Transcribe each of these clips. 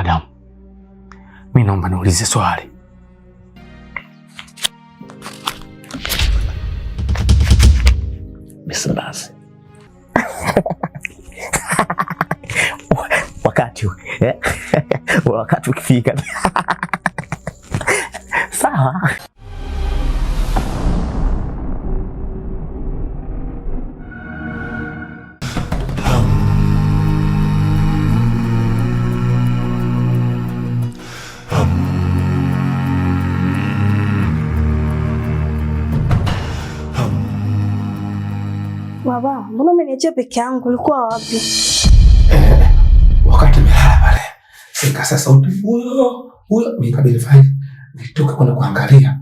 Madam, mi naomba niulize swali. Bismillah. wakati eh, wakati ukifika sawa. Baba, mbona umeniachia peke yangu? Ulikuwa wapi? Eh, wakati mlala pale. Nikasikia sauti huyo huyo, nikabidi fanya nitoke kwenda kuangalia.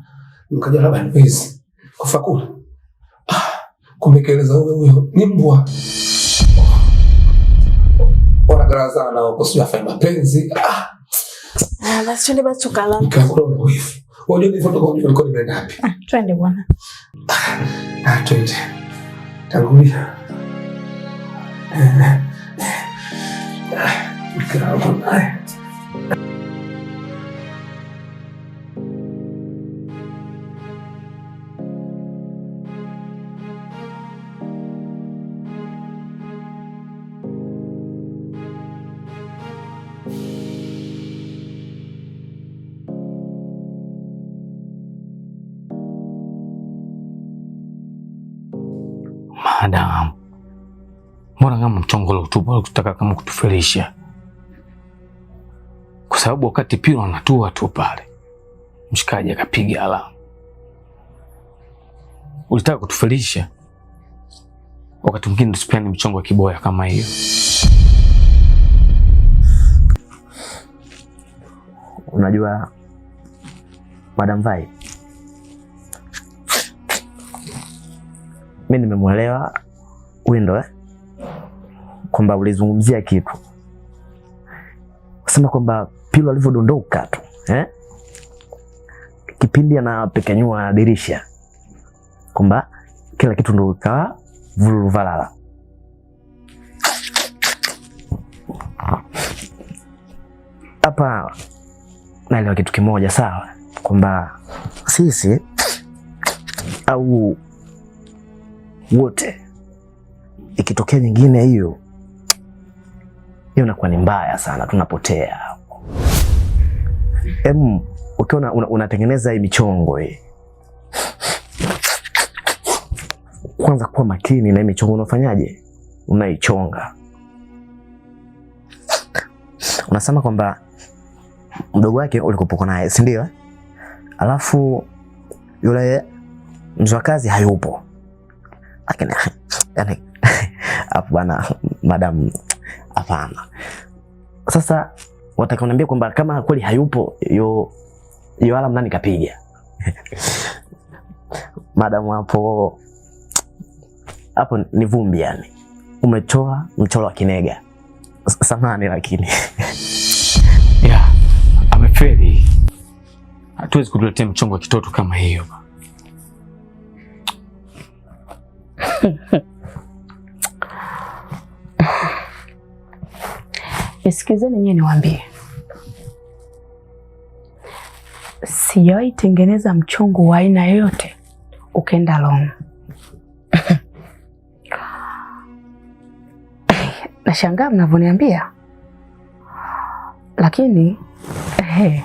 Nikajua labda ni wezi. Kufa kula. Ah, kumbe keleza huyo huyo ni mbwa. Wana garaza na wako sio afanye mapenzi. Ah. Ah, basi twende basi tukalala. Nikakuwa mwifu. Wajua ni foto kwa nini nilikuwa nimeenda wapi? Ah, twende bwana. Ah, twende. 照顾一下，哎，你干嘛呢？哎。pale kutaka kama kutufelisha, kwa sababu wakati Pilo anatua tu pale mshikaji akapiga alamu, ulitaka kutufelisha. Wakati mwingine tusipiane michongo ya kiboya kama hiyo. Unajua Madam Vai, mi nimemwelewa Windo eh? kwamba ulizungumzia kitu sema kwamba pilo alivyodondoka tu eh? kipindi anapekenyua dirisha kwamba kila kitu ndo ikawa vululu Hapa naelewa kitu kimoja sawa, kwamba sisi au wote ikitokea nyingine hiyo hiyo inakuwa ni mbaya sana, tunapotea. Em, ukiona unatengeneza hii michongo hii, kwanza kuwa makini na hii michongo unafanyaje, unaichonga. Unasema kwamba mdogo wake ulikupoka naye, si ndio? Alafu yule kazi hayupo, lakini hapo bana, madamu hapana. Sasa watakaniambia kwamba kama kweli hayupo yo yo alarm nani kapiga? Madamu hapo hapo ni vumbi, yani umechoa mchoro wa kinega. Samani lakini yeah, amefeli. Hatuwezi kutuletea mchongo wa kitoto kama hiyo. nisikilizeni nyewe niwaambie, sijawahi tengeneza mchongo wa aina yoyote ukaenda long. Nashangaa mnavyoniambia, lakini ehe.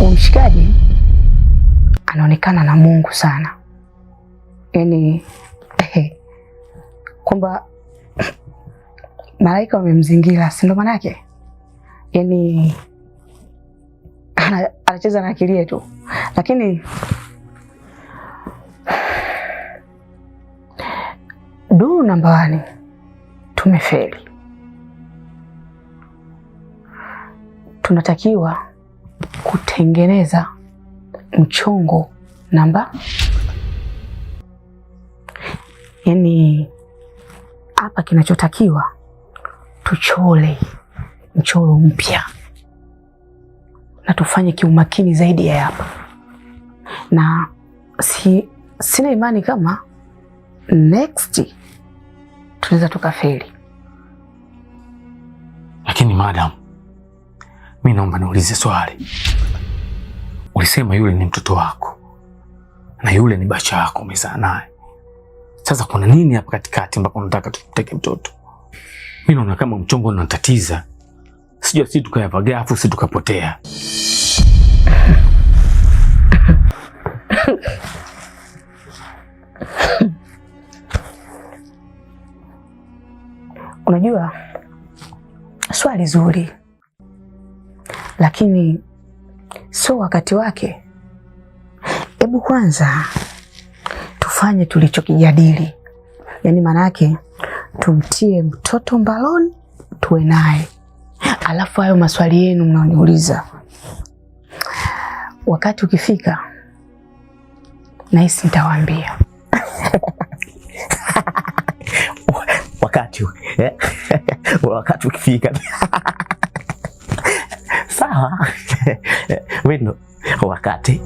umshikaji anaonekana na Mungu sana, yaani kwamba malaika wamemzingira, si ndo maana yake? Yani anacheza na akili yetu, lakini duu namba wani tumefeli. Tunatakiwa kutengeneza mchongo namba, yani hapa kinachotakiwa tuchole mchoro mpya na tufanye kiumakini zaidi ya hapa, na si, sina imani kama next tunaweza tukafeli. Lakini madam, mi naomba niulize swali. Ulisema yule ni mtoto wako na yule ni bacha yako umezaa naye sasa kuna nini hapa katikati ambapo nataka tumteke mtoto? Mi naona kama mchongo unatatiza, sijua si tukayavaga afu si tukapotea. Unajua, swali zuri, lakini sio wakati wake. Hebu kwanza tufanye tulichokijadili. Yaani maana yake tumtie mtoto mbaloni, tuwe naye, alafu hayo maswali yenu mnaoniuliza wakati ukifika, nahisi nitawaambia wakati eh? wakati ukifika sawa. wino wakati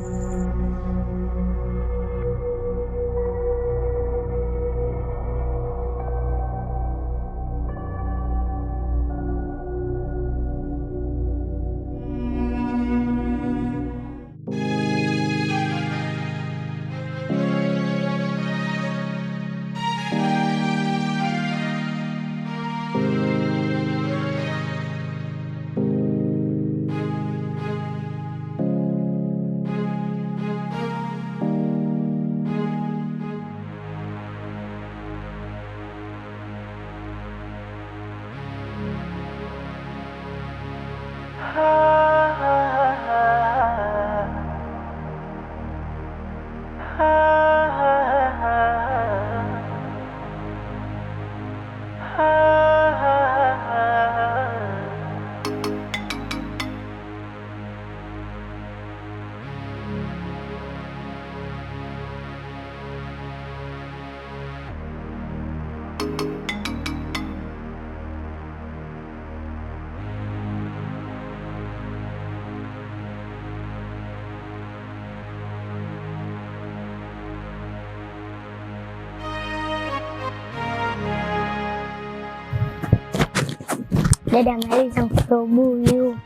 Dada maliza mfuke ubuyu.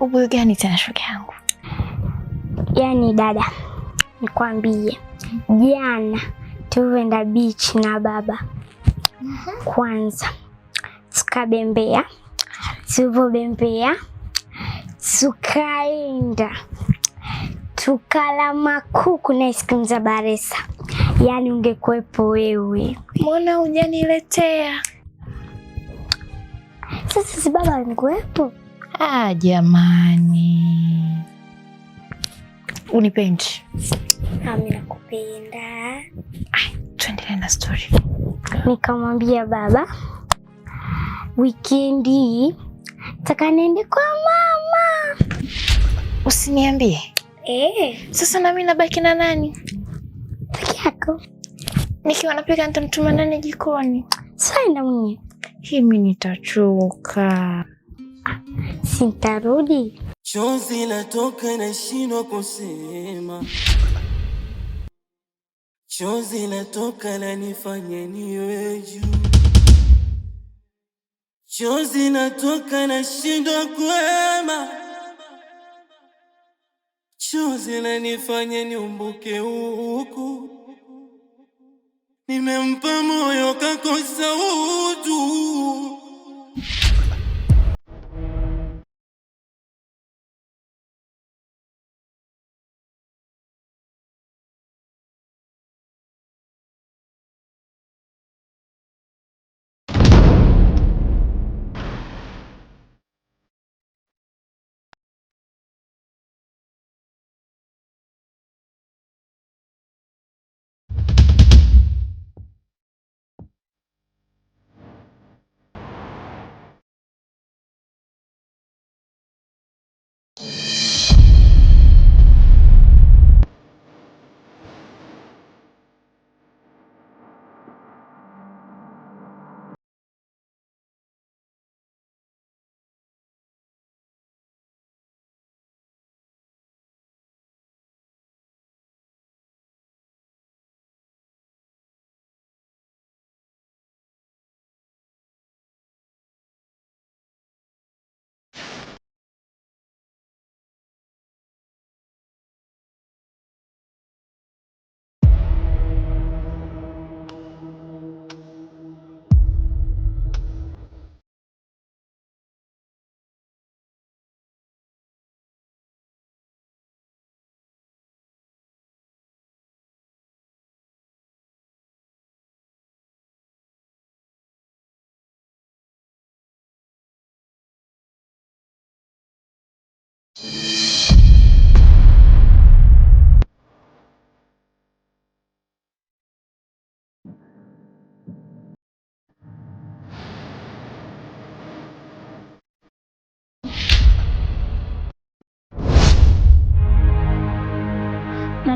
Ubuyu gani tena shoga yangu? Yaani dada, nikwambie jana tulivyoenda bichi na baba mhm. Kwanza tukabembea, tulivyobembea tukaenda tukala makuku na ice za Baresa. Yaani ungekuwepo wewe, mbona hujaniletea? Hata sisi baba alikuwepo? Ah, jamani, unipendi nami ah, nakupenda. Tuendelee na stori. Nikamwambia baba, wikendi taka niende kwa mama. Usiniambie eh. Sasa nami nabaki na nani? Peke yako. Nikiwa napika nitamtuma nani jikoni? Sasa enda mwenyewe mimi nitachoka, sitarudi. Chozi latoka nashindwa kusema, chozi latoka lanifanya niwe juu, chozi latoka nashindwa kuema, chozi lanifanya niumbuke huku nimempa moyo kakosa utu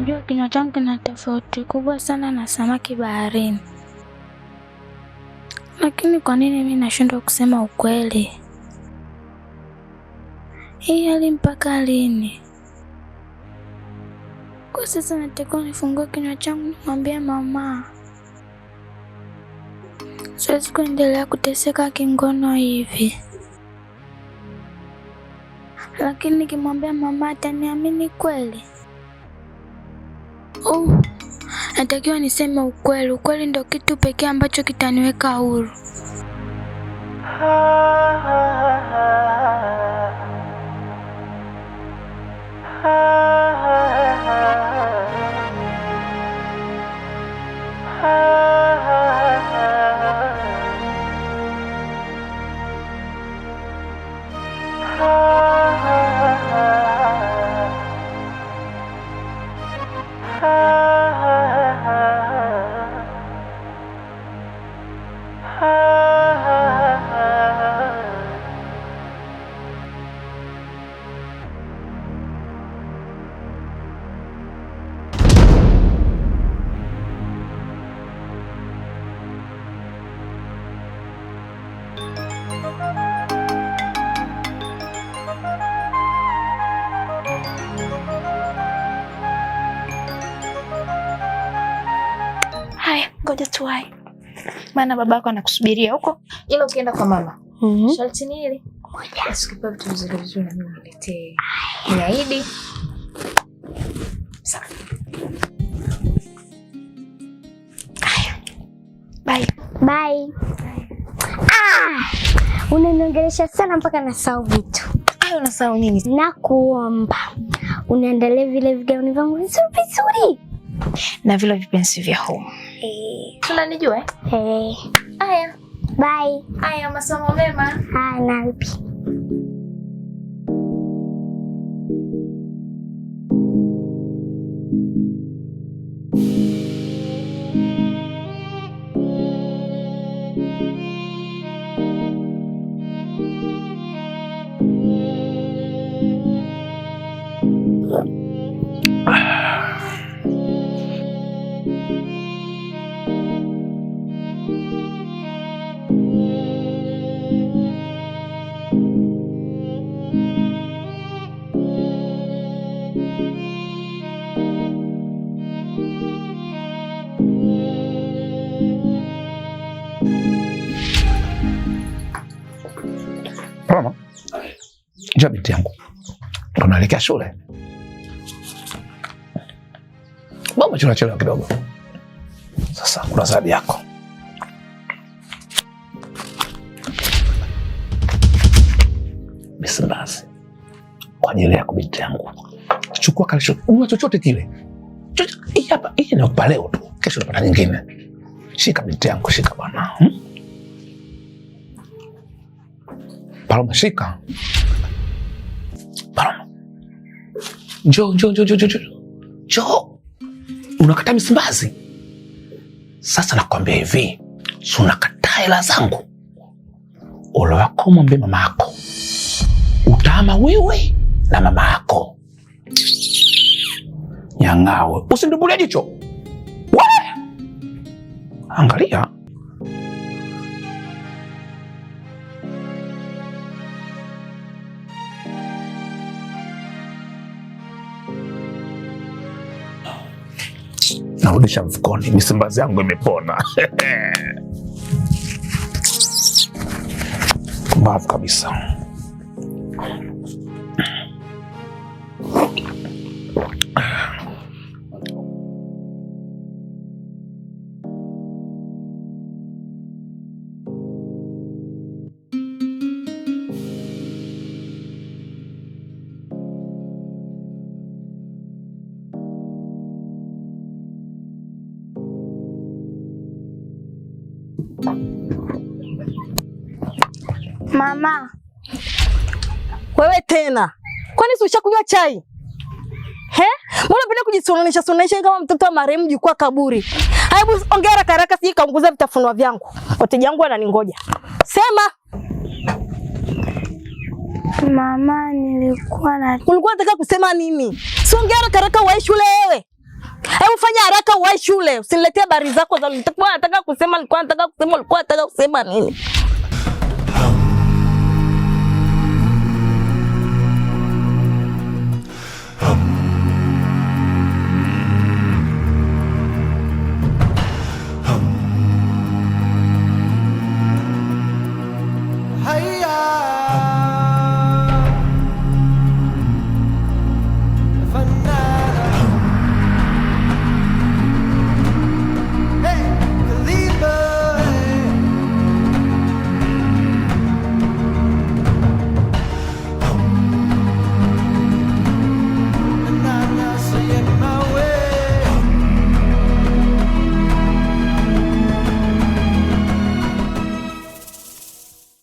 Unajua kinywa changu kina tofauti kubwa sana na samaki baharini. Lakini kwa nini mimi nashindwa kusema ukweli? Hii hali mpaka lini? Kwa sasa natakiwa nifungue kinywa changu nimwambie mama, siwezi kuendelea kuteseka kingono hivi. Lakini nikimwambia mama ataniamini kweli? oh, natakiwa niseme ukweli. Ukweli ndo kitu pekee ambacho kitaniweka huru. maana baba yako anakusubiria huko, ila ukienda kwa mama mm -hmm. sharti ni hili moja, usikipa vitu vizuri vizuri na mimi niletee, niahidi bye bye. Ah, unaniongelesha sana mpaka nasahau vitu. Hayo unasahau nini? Nakuomba unaendelee vile vigauni vyangu vizuri vizuri na vile vipenzi vya humu. Eh. Tunanijua eh? Eh. Haya. Bye. Haya, masomo mema. Haya, nampi. Mama, njoo binti yangu, tunaelekea shule. Mama, tunachelewa kidogo. Sasa kuna zawadi yako. Bisibasi kwa ajili yako binti yangu chukua kalichojua chochote kile. Hii hapa hii inakupa leo tu, kesho napata nyingine. Shika binti yangu, shika bwana hmm? Paloma, shika Paloma, njoo njoo njoo njoo njoo. Unakata misimbazi sasa? Nakwambia hivi, si unakataa hela zangu. Ole wako, mwambie mama yako, utaama wewe na mama yako yang'awe, usindubulie jicho wale, angalia narudisha mfukoni, misimbazi yangu imepona. Mbavu kabisa. Mama wewe tena, kwani si ushakunywa chai? He? Mbona unapenda kujisunanisha sunanisha kama mtoto wa marehemu jukwa kaburi. Hebu ongea haraka haraka sije kaunguza vitafunwa vyangu. Wateja wangu wananingoja. Sema. Mama nilikuwa na Ulikuwa unataka kusema nini? Si ongea haraka haraka uwahi shule wewe. Hebu fanya haraka uwahi shule. Usiniletee habari zako za nilikuwa nataka kusema nilikuwa nataka kusema ulikuwa nataka kusema nini? Um.